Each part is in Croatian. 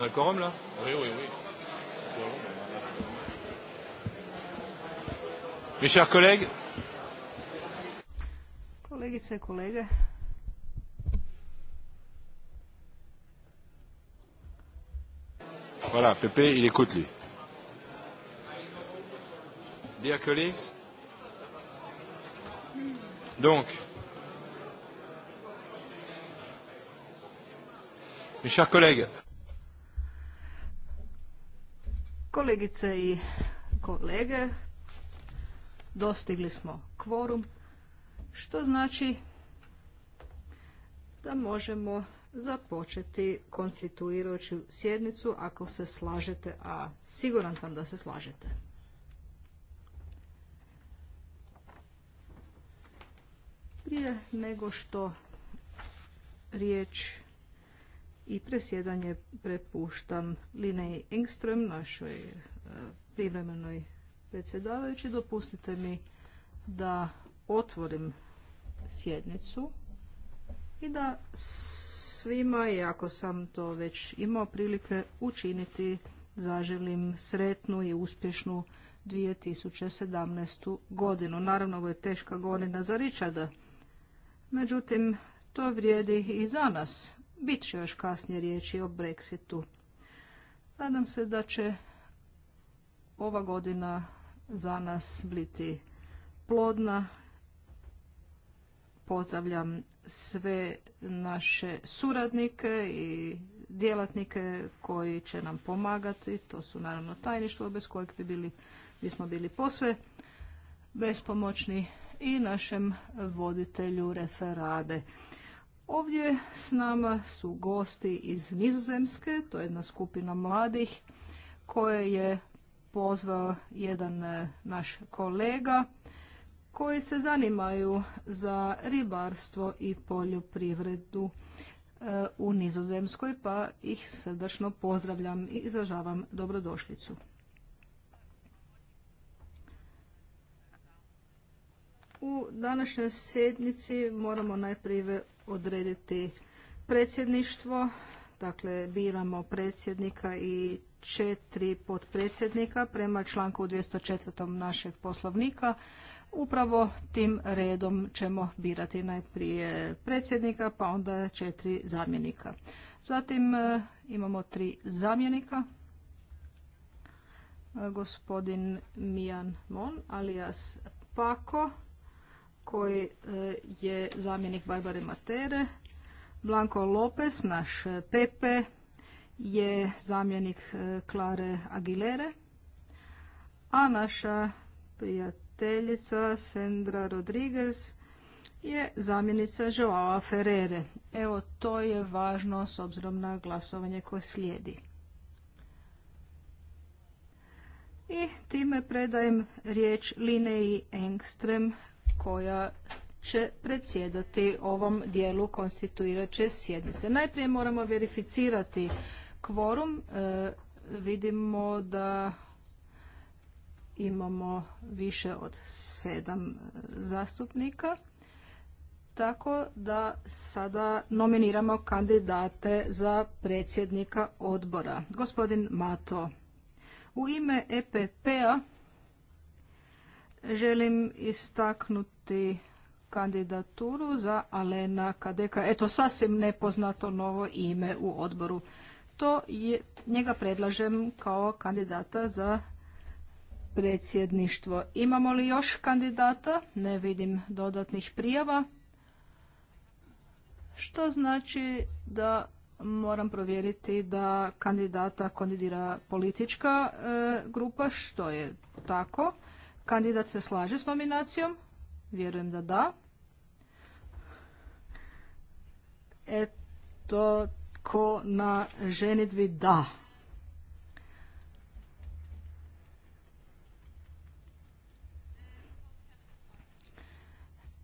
Un quorum là Oui, oui, oui. Mes chers collègues. Collègues et collègues. Voilà, Pépé, il écoute lui. Dear colleagues. Donc, mes chers collègues, Kolegice i kolege, dostigli smo kvorum, što znači da možemo započeti konstituirajuću sjednicu ako se slažete, a siguran sam da se slažete. Prije nego što riječ i presjedanje prepuštam Linei Engström, našoj e, privremenoj predsjedavajući. Dopustite mi da otvorim sjednicu i da svima, i ako sam to već imao prilike učiniti, zaželim sretnu i uspješnu 2017. godinu. Naravno, ovo je teška godina za Ričada, Međutim, to vrijedi i za nas Bit će još kasnije riječi o Brexitu. Nadam se da će ova godina za nas biti plodna. Pozdravljam sve naše suradnike i djelatnike koji će nam pomagati. To su naravno tajništvo bez kojeg bi bili, bismo bili posve bespomoćni i našem voditelju referade. Ovdje s nama su gosti iz Nizozemske, to je jedna skupina mladih koje je pozvao jedan e, naš kolega koji se zanimaju za ribarstvo i poljoprivredu e, u Nizozemskoj, pa ih srdačno pozdravljam i izražavam dobrodošlicu. U današnjoj sjednici moramo najprije odrediti predsjedništvo, dakle biramo predsjednika i četiri potpredsjednika prema članku 204. našeg poslovnika. Upravo tim redom ćemo birati najprije predsjednika, pa onda četiri zamjenika. Zatim e, imamo tri zamjenika. E, gospodin Mijan Mon, alias Pako, koji e, je zamjenik Barbare Matere. Blanco Lopez, naš e, Pepe, je zamjenik e, Klare Aguilere. A naša prijateljica Sandra Rodriguez je zamjenica Joao Ferrere. Evo, to je važno s obzirom na glasovanje koje slijedi. I time predajem riječ Linei Engström koja će predsjedati ovom dijelu konstituirače sjednice. Najprije moramo verificirati kvorum. E, vidimo da imamo više od sedam zastupnika. Tako da sada nominiramo kandidate za predsjednika odbora. Gospodin Mato, u ime EPP-a Želim istaknuti kandidaturu za Alena Kadeka. Eto, sasvim nepoznato novo ime u odboru. To je, njega predlažem kao kandidata za predsjedništvo. Imamo li još kandidata? Ne vidim dodatnih prijava. Što znači da moram provjeriti da kandidata kandidira politička e, grupa, što je tako. Kandidat se slaže s nominacijom? Vjerujem da da. Eto, ko na ženitvi da.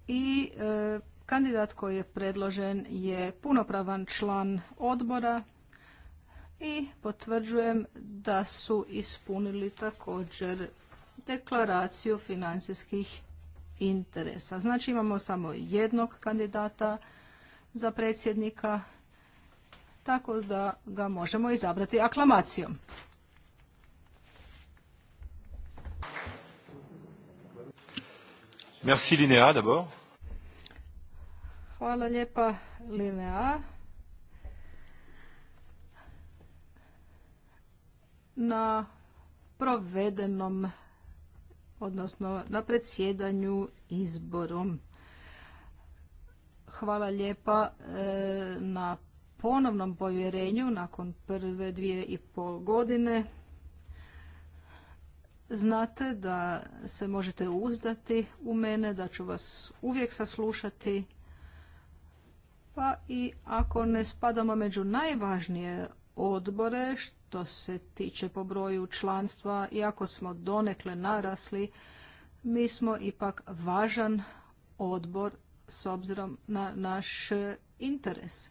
I e, kandidat koji je predložen je punopravan član odbora i potvrđujem da su ispunili također deklaraciju financijskih interesa. Znači imamo samo jednog kandidata za predsjednika, tako da ga možemo izabrati aklamacijom. Merci Linea d'abord. Hvala lijepa Linea. Na provedenom odnosno na predsjedanju izborom. Hvala lijepa e, na ponovnom povjerenju nakon prve dvije i pol godine. Znate da se možete uzdati u mene, da ću vas uvijek saslušati. Pa i ako ne spadamo među najvažnije odbore što se tiče po broju članstva, iako smo donekle narasli, mi smo ipak važan odbor s obzirom na naš interes.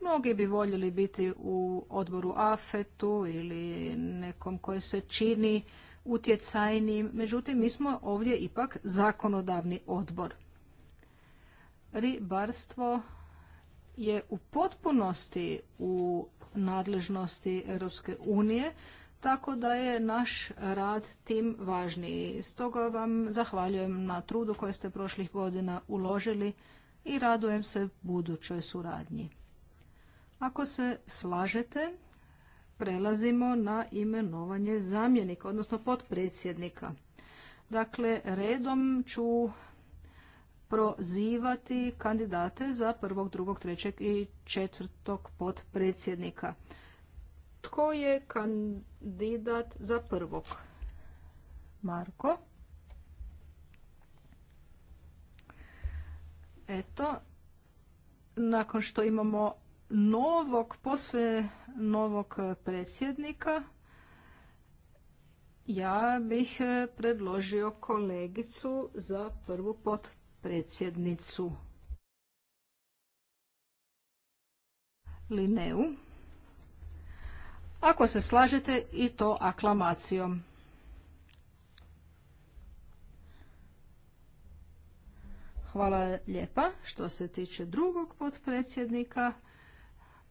Mnogi bi voljeli biti u odboru AFET-u ili nekom koji se čini utjecajnim, međutim mi smo ovdje ipak zakonodavni odbor. Ribarstvo je u potpunosti u nadležnosti Europske unije, tako da je naš rad tim važniji. Stoga vam zahvaljujem na trudu koje ste prošlih godina uložili i radujem se budućoj suradnji. Ako se slažete, prelazimo na imenovanje zamjenika, odnosno potpredsjednika. Dakle, redom ću prozivati kandidate za prvog, drugog, trećeg i četvrtog potpredsjednika. Tko je kandidat za prvog? Marko. Eto, nakon što imamo novog, posve novog predsjednika, ja bih predložio kolegicu za prvu pod predsjednicu Lineu. Ako se slažete i to aklamacijom. Hvala lijepa. Što se tiče drugog potpredsjednika,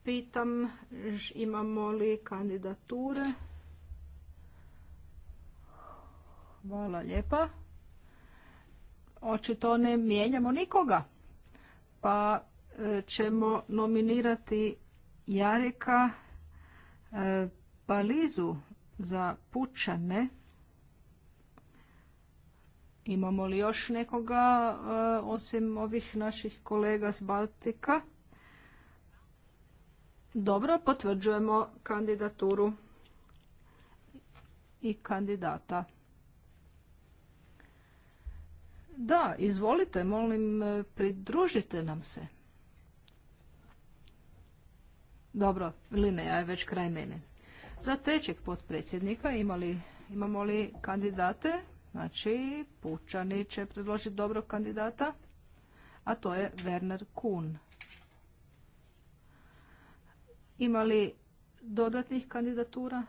pitam imamo li kandidature. Hvala lijepa očito ne mijenjamo nikoga. Pa e, ćemo nominirati Jareka Palizu e, za pučane. Imamo li još nekoga e, osim ovih naših kolega s Baltika? Dobro, potvrđujemo kandidaturu i kandidata. Da, izvolite, molim, e, pridružite nam se. Dobro, Lineja je već kraj mene. Za trećeg potpredsjednika imamo li kandidate? Znači, Pučani će predložiti dobrog kandidata, a to je Werner Kuhn. Ima li dodatnih kandidatura?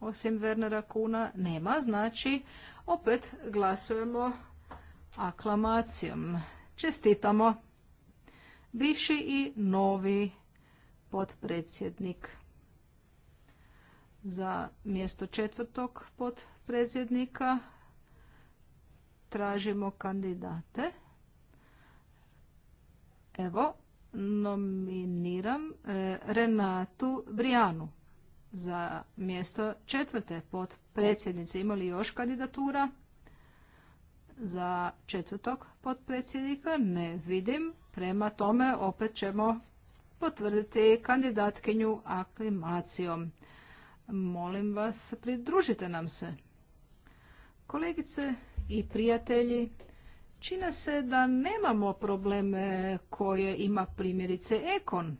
Osim Wernera Kuna nema, znači opet glasujemo aklamacijom. Čestitamo bivši i novi potpredsjednik za mjesto četvrtog podpredsjednika Tražimo kandidate. Evo, nominiram e, Renatu Brijanu za mjesto četvrte podpredsjednice. Imali još kandidatura? za četvrtog potpredsjednika? Ne vidim. Prema tome opet ćemo potvrditi kandidatkinju aklimacijom. Molim vas, pridružite nam se. Kolegice i prijatelji, čina se da nemamo probleme koje ima primjerice Ekon.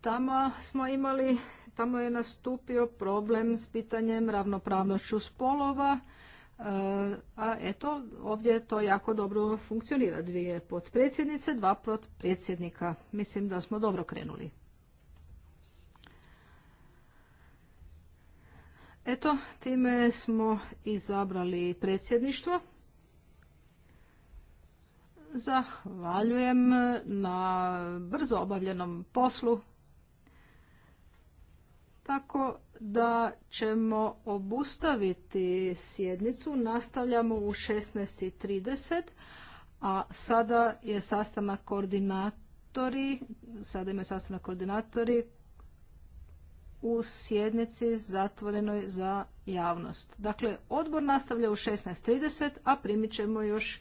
Tamo smo imali, tamo je nastupio problem s pitanjem ravnopravnošću spolova a eto, ovdje to jako dobro funkcionira. Dvije potpredsjednice, dva potpredsjednika. Mislim da smo dobro krenuli. Eto, time smo izabrali predsjedništvo. Zahvaljujem na brzo obavljenom poslu. Tako da ćemo obustaviti sjednicu. Nastavljamo u 16.30, a sada je sastanak koordinatori, sada imaju sastanak koordinatori u sjednici zatvorenoj za javnost. Dakle, odbor nastavlja u 16.30, a primit ćemo još